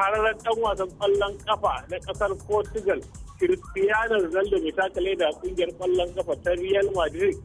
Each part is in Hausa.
shahararren dan wasan kwallon kafa na kasar Portugal Cristiano Ronaldo mai takale da kungiyar kwallon kafa ta Real Madrid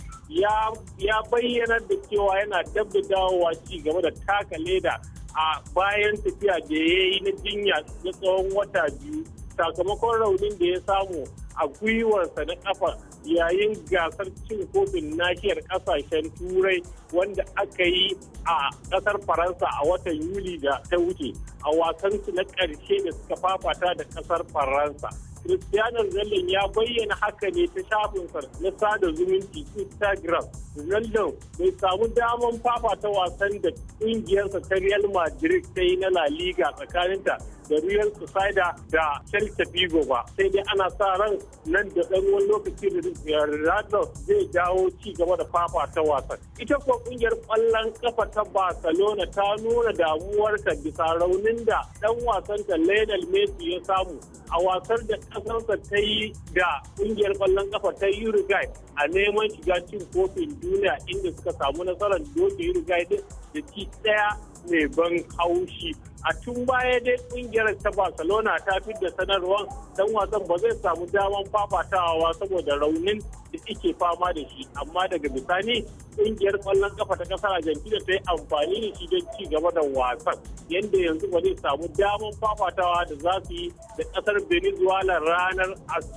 ya bayyana da cewa yana dab dawowa ci gaba da taka leda a bayan tafiya da ya yi na jinya na tsawon wata biyu sakamakon raunin da ya samu a gwiwarsa na kafa yayin gasar cin kofin nahiyar kasashen turai wanda aka yi a kasar faransa a watan yuli da ta wuce a wasansu na ƙarshe da suka fafata da kasar faransa cristiano zallin ya bayyana haka ne ta shafinsa na sada zumunci instagram Ronaldo bai samu daman ta wasan da ƙungiyarsa ta Real Madrid ta yi na La Liga tsakaninta da Real Sociedad da Celta Vigo ba sai dai ana sa ran nan da ɗan wani lokaci da Ronaldo zai dawo ci gaba da ta wasan. Ita kuwa kungiyar ƙwallon ƙafa ta Barcelona ta nuna damuwarta bisa raunin da ɗan wasan ta Lionel Messi ya samu a wasar da ƙasarsa ta yi da kungiyar ƙwallon ƙafa ta Uruguay a neman shiga cin kofin duniya inda suka samu nasarar doke uruguay din da ci daya mai ban haushi a tun baya dai kungiyar ta barcelona ta fi da sanarwar dan wasan ba zai samu daman fafatawa saboda raunin da ike fama da shi amma daga bisani kungiyar kwallon kafa ta kasar argentina ta yi amfani da shi don ci gaba da wasan yadda yanzu ba zai samu daman fafatawa da za su yi da kasar venezuela ranar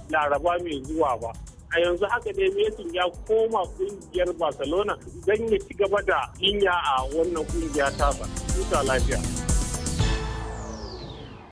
laraba mai zuwa ba a yanzu haka ne Messi ya koma kungiyar Barcelona don ya ci gaba da jinya a wannan kungiya ta ba. lafiya.